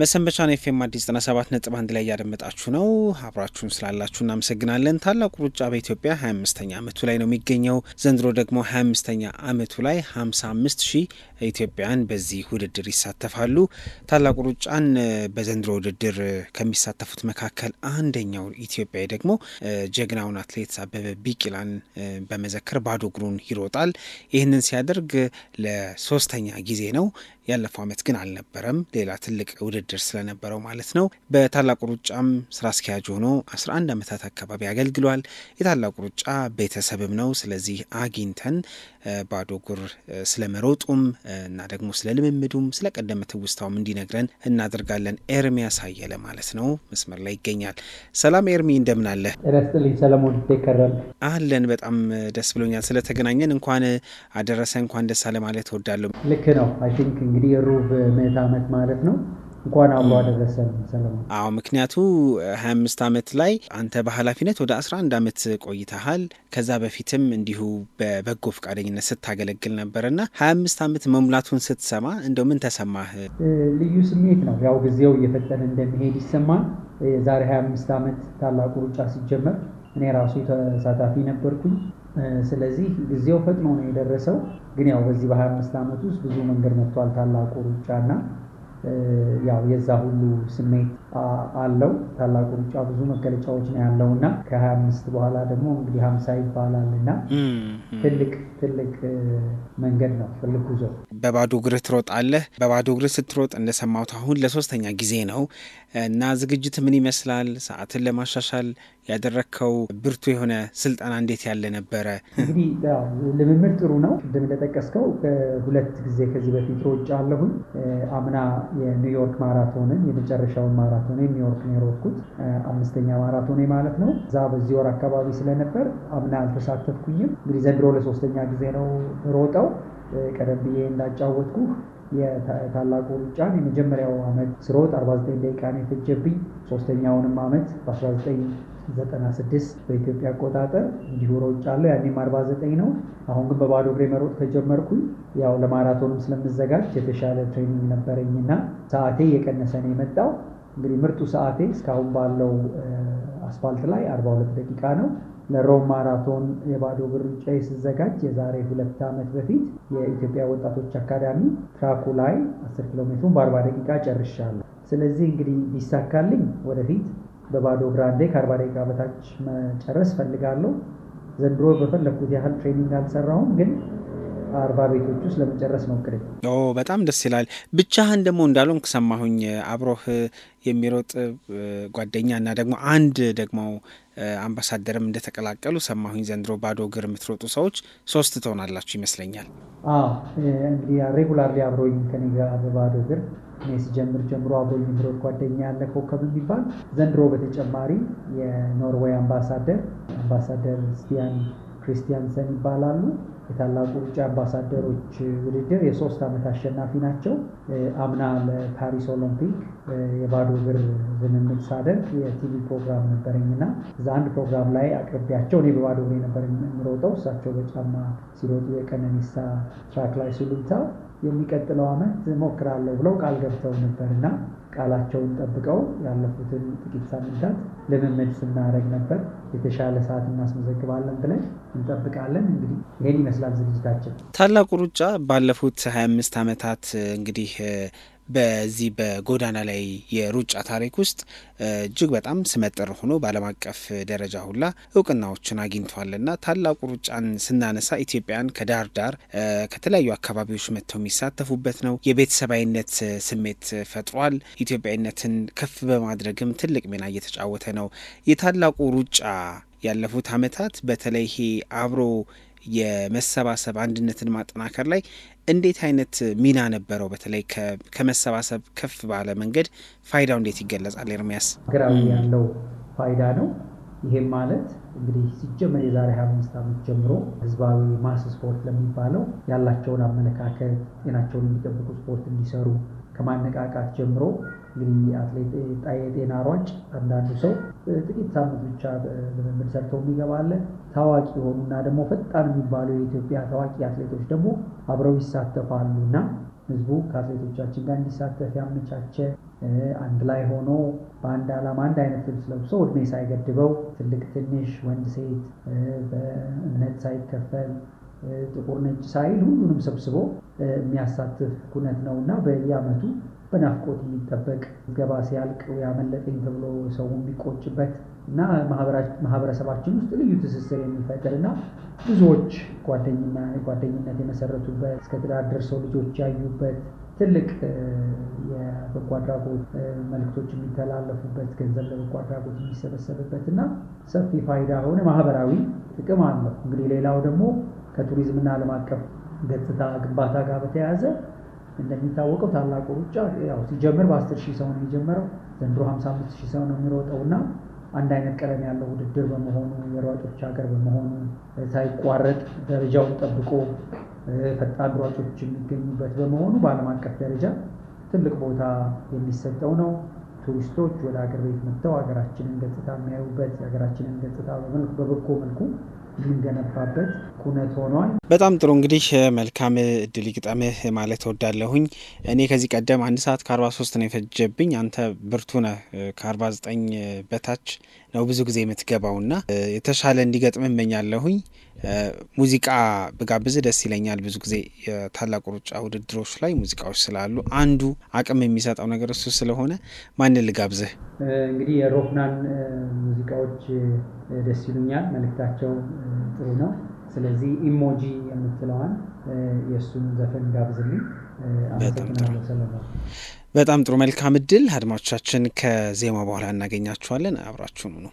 መሰንበቻን ኤፍኤም አዲስ ዘጠና ሰባት ነጥብ አንድ ላይ እያደመጣችሁ ነው። አብራችሁን ስላላችሁ እናመሰግናለን። ታላቁ ሩጫ በኢትዮጵያ 25 አምስተኛ አመቱ ላይ ነው የሚገኘው። ዘንድሮ ደግሞ 25 አምስተኛ አመቱ ላይ ሀምሳ አምስት ሺህ ኢትዮጵያውያን በዚህ ውድድር ይሳተፋሉ። ታላቁ ሩጫን በዘንድሮ ውድድር ከሚሳተፉት መካከል አንደኛው ኢትዮጵያዊ ደግሞ ጀግናውን አትሌት አበበ ቢቂላን በመዘከር ባዶ እግሩን ይሮጣል። ይህንን ሲያደርግ ለሶስተኛ ጊዜ ነው። ያለፈው ዓመት ግን አልነበረም፣ ሌላ ትልቅ ውድድር ስለነበረው ማለት ነው። በታላቁ ሩጫም ስራ አስኪያጅ ሆኖ 11 ዓመታት አካባቢ አገልግሏል። የታላቁ ሩጫ ቤተሰብም ነው። ስለዚህ አግኝተን ባዶ እግር ስለመሮጡም እና ደግሞ ስለ ልምምዱም ስለ ቀደመ ትውስታውም እንዲነግረን እናደርጋለን። ኤርሚያስ አየለ ማለት ነው መስመር ላይ ይገኛል። ሰላም ኤርሚ፣ እንደምን አለ? ረስትልኝ ሰለሞን ይከረል አለን። በጣም ደስ ብሎኛል ስለተገናኘን። እንኳን አደረሰ እንኳን ደስ አለ ማለት እወዳለሁ። ልክ ነው። እንግዲህ የሩብ ምዕተ ዓመት ማለት ነው። እንኳን አብሮ አደረሰን ሰለሞን። አዎ ምክንያቱ 25 ዓመት ላይ አንተ በኃላፊነት ወደ አንድ ዓመት ቆይተሃል። ከዛ በፊትም እንዲሁ በበጎ ፈቃደኝነት ስታገለግል ነበርና 25 ዓመት መሙላቱን ስትሰማ እንደው ምን ተሰማህ? ልዩ ስሜት ነው። ያው ጊዜው እየፈጠነ እንደሚሄድ ይሰማል። የዛሬ አምስት ዓመት ታላቁ ሩጫ ሲጀመር እኔ ራሱ ተሳታፊ ነበርኩኝ። ስለዚህ ጊዜው ፈጥኖ ነው የደረሰው። ግን ያው በዚህ በሀያ አምስት ዓመት ውስጥ ብዙ መንገድ መጥቷል ታላቁ ሩጫ እና ያው የዛ ሁሉ ስሜት አለው። ታላቁ ሩጫ ብዙ መገለጫዎች ነው ያለው እና ከ25 በኋላ ደግሞ እንግዲህ ሀምሳ ይባላል እና ትልቅ ትልቅ መንገድ ነው ትልቅ ጉዞ። በባዶ እግር ትሮጣለህ። በባዶ እግር ስትሮጥ እንደሰማሁት አሁን ለሶስተኛ ጊዜ ነው እና ዝግጅት ምን ይመስላል? ሰዓትን ለማሻሻል ያደረግከው ብርቱ የሆነ ስልጠና እንዴት ያለ ነበረ? እንግዲህ ልምምድ ጥሩ ነው። ቅድም እንደጠቀስከው ሁለት ጊዜ ከዚህ በፊት ሮጬ አለሁኝ። አምና የኒውዮርክ ማራቶንን የመጨረሻውን ማራቶን ኒውዮርክ ነው የሮጥኩት፣ አምስተኛ ማራቶን ማለት ነው። እዛ በዚህ ወር አካባቢ ስለነበር አምና አልተሳተፍኩኝም። እንግዲህ ዘንድሮ ለሶስተኛ ጊዜ ነው ሮጠው ቀደም ብዬ እንዳጫወትኩ የታላቁ ሩጫን የመጀመሪያው አመት ስሮጥ 49 ደቂቃ ነው የፈጀብኝ። ሶስተኛውንም አመት በ19 96 በኢትዮጵያ አቆጣጠር እንዲሁ ሮጫለሁ። ያኔም 49 ነው። አሁን ግን በባዶ እግሬ መሮጥ ከጀመርኩኝ ያው ለማራቶንም ስለምዘጋጅ የተሻለ ትሬኒንግ ነበረኝና ሰዓቴ የቀነሰ ነው የመጣው። እንግዲህ ምርጡ ሰዓቴ እስካሁን ባለው አስፋልት ላይ 42 ደቂቃ ነው። ለሮም ማራቶን የባዶ እግር ሩጫዬ ስዘጋጅ የዛሬ ሁለት ዓመት በፊት የኢትዮጵያ ወጣቶች አካዳሚ ትራኩ ላይ 10 ኪሎ ሜትሩን በ40 ደቂቃ ጨርሻለሁ። ስለዚህ እንግዲህ ቢሳካልኝ ወደፊት በባዶ ግራንዴ ከአርባ ደቂቃ በታች መጨረስ ፈልጋለሁ። ዘንድሮ በፈለግኩት ያህል ትሬኒንግ አልሰራሁም ግን አርባ ቤቶች ውስጥ ለመጨረስ ነው እቅድ። በጣም ደስ ይላል። ብቻህን ደግሞ እንዳልሆንክ ሰማሁኝ። አብሮህ የሚሮጥ ጓደኛ እና ደግሞ አንድ ደግሞ አምባሳደርም እንደተቀላቀሉ ሰማሁኝ። ዘንድሮ ባዶ እግር የምትሮጡ ሰዎች ሶስት ትሆናላችሁ ይመስለኛል። እንግዲህ ሬጉላርሊ አብሮኝ ከኔ ባዶ እግር እኔ ጀምሮ አብሮ የሚሮጥ ጓደኛ ያለ ኮከብ የሚባል ዘንድሮ በተጨማሪ የኖርዌይ አምባሳደር አምባሳደር ስቲያን ክሪስቲያንሰን ይባላሉ። የታላቁ ውጭ አምባሳደሮች ውድድር የሶስት ዓመት አሸናፊ ናቸው። አምና ለፓሪስ ኦሎምፒክ የባዶ እግር ዝንምት ሳደርግ የቲቪ ፕሮግራም ነበረኝና እዛ አንድ ፕሮግራም ላይ አቅርቢያቸው እኔ በባዶ እግሬ ነበር የምሮጠው፣ እሳቸው በጫማ ሲሮጡ የቀነኒሳ ትራክ ላይ ሱሉልታ የሚቀጥለው ዓመት ሞክራለሁ ብለው ቃል ገብተው ነበርና ቃላቸውን ጠብቀው ያለፉትን ጥቂት ሳምንታት ልምምድ ስናደርግ ነበር። የተሻለ ሰዓት እናስመዘግባለን ብለን እንጠብቃለን። እንግዲህ ይህን ይመስላል ዝግጅታችን። ታላቁ ሩጫ ባለፉት 25 ዓመታት እንግዲህ በዚህ በጎዳና ላይ የሩጫ ታሪክ ውስጥ እጅግ በጣም ስመጥር ሆኖ በዓለም አቀፍ ደረጃ ሁላ እውቅናዎችን አግኝቷልና ታላቁ ሩጫን ስናነሳ ኢትዮጵያን ከዳር ዳር ከተለያዩ አካባቢዎች መጥተው የሚሳተፉበት ነው። የቤተሰባዊነት ስሜት ፈጥሯል። ኢትዮጵያዊነትን ከፍ በማድረግም ትልቅ ሚና እየተጫወተ ነው። የታላቁ ሩጫ ያለፉት ዓመታት በተለይ ይሄ አብሮ የመሰባሰብ አንድነትን ማጠናከር ላይ እንዴት አይነት ሚና ነበረው? በተለይ ከመሰባሰብ ከፍ ባለ መንገድ ፋይዳው እንዴት ይገለጻል? ኤርሚያስ ሀገራዊ ያለው ፋይዳ ነው። ይሄም ማለት እንግዲህ ሲጀመር የዛሬ 25 ዓመት ጀምሮ ህዝባዊ ማስ ስፖርት ለሚባለው ያላቸውን አመለካከት ጤናቸውን የሚጠብቁ ስፖርት እንዲሰሩ ከማነቃቃት ጀምሮ እንግዲህ አትሌት የጤና ሯጭ አንዳንዱ ሰው ጥቂት ሳምንት ብቻ ልምምድ ሰርተው የሚገባለን ታዋቂ የሆኑና ደግሞ ፈጣን የሚባሉ የኢትዮጵያ ታዋቂ አትሌቶች ደግሞ አብረው ይሳተፋሉ እና ህዝቡ ከአትሌቶቻችን ጋር እንዲሳተፍ ያመቻቸ አንድ ላይ ሆኖ በአንድ ዓላማ አንድ አይነት ልብስ ለብሶ እድሜ ሳይገድበው ትልቅ ትንሽ፣ ወንድ ሴት፣ በእምነት ሳይከፈል ጥቁር ነጭ ሳይል ሁሉንም ሰብስቦ የሚያሳትፍ ኩነት ነው እና በየአመቱ በናፍቆት የሚጠበቅ ገባ ሲያልቅ ያመለጠኝ ተብሎ ሰው የሚቆጭበት እና ማህበረሰባችን ውስጥ ልዩ ትስስር የሚፈጥርና ብዙዎች ጓደኝና ጓደኝነት የመሰረቱበት እስከ ትዳር ደርሰው ልጆች ያዩበት ትልቅ የበጎ አድራጎት መልክቶች የሚተላለፉበት ገንዘብ ለበጎ አድራጎት የሚሰበሰብበት እና ሰፊ ፋይዳ ሆነ ማህበራዊ ጥቅም አለው። እንግዲህ ሌላው ደግሞ ከቱሪዝምና ዓለም አቀፍ ገጽታ ግንባታ ጋር በተያያዘ እንደሚታወቀው ታላቁ ሩጫ ያው ሲጀምር በአስር ሺህ ሰው ነው የሚጀምረው። ዘንድሮ 55 ሺህ ሰው ነው የሚሮጠው እና አንድ አይነት ቀለም ያለው ውድድር በመሆኑ የሯጮች ሀገር በመሆኑ ሳይቋረጥ ደረጃውን ጠብቆ ፈጣን ሯጮች የሚገኙበት በመሆኑ በዓለም አቀፍ ደረጃ ትልቅ ቦታ የሚሰጠው ነው። ቱሪስቶች ወደ ሀገር ቤት መጥተው ሀገራችንን ገጽታ የሚያዩበት የሀገራችንን ገጽታ በበጎ መልኩ ሊንገነባበት ኩነት ሆኗል። በጣም ጥሩ እንግዲህ መልካም እድል ይግጠምህ ማለት እወዳለሁኝ። እኔ ከዚህ ቀደም አንድ ሰዓት ከአርባ ሶስት ነው የፈጀብኝ። አንተ ብርቱ ነህ ከአርባ ዘጠኝ በታች ነው ብዙ ጊዜ የምትገባውና የተሻለ እንዲገጥም እመኛለሁኝ። ሙዚቃ ብጋብዝ ደስ ይለኛል። ብዙ ጊዜ የታላቁ ሩጫ ውድድሮች ላይ ሙዚቃዎች ስላሉ አንዱ አቅም የሚሰጠው ነገር እሱ ስለሆነ ማንን ልጋብዝህ? እንግዲህ የሮፍናን ሙዚቃዎች ደስ ይሉኛል። መልእክታቸው ጥሩ ነው። ስለዚህ ኢሞጂ የምትለዋን የእሱን ዘፈን ጋብዝልኝ። በጣም ጥሩ መልካም እድል። አድማጮቻችን ከዜማ በኋላ እናገኛችኋለን። አብራችሁኑ ነው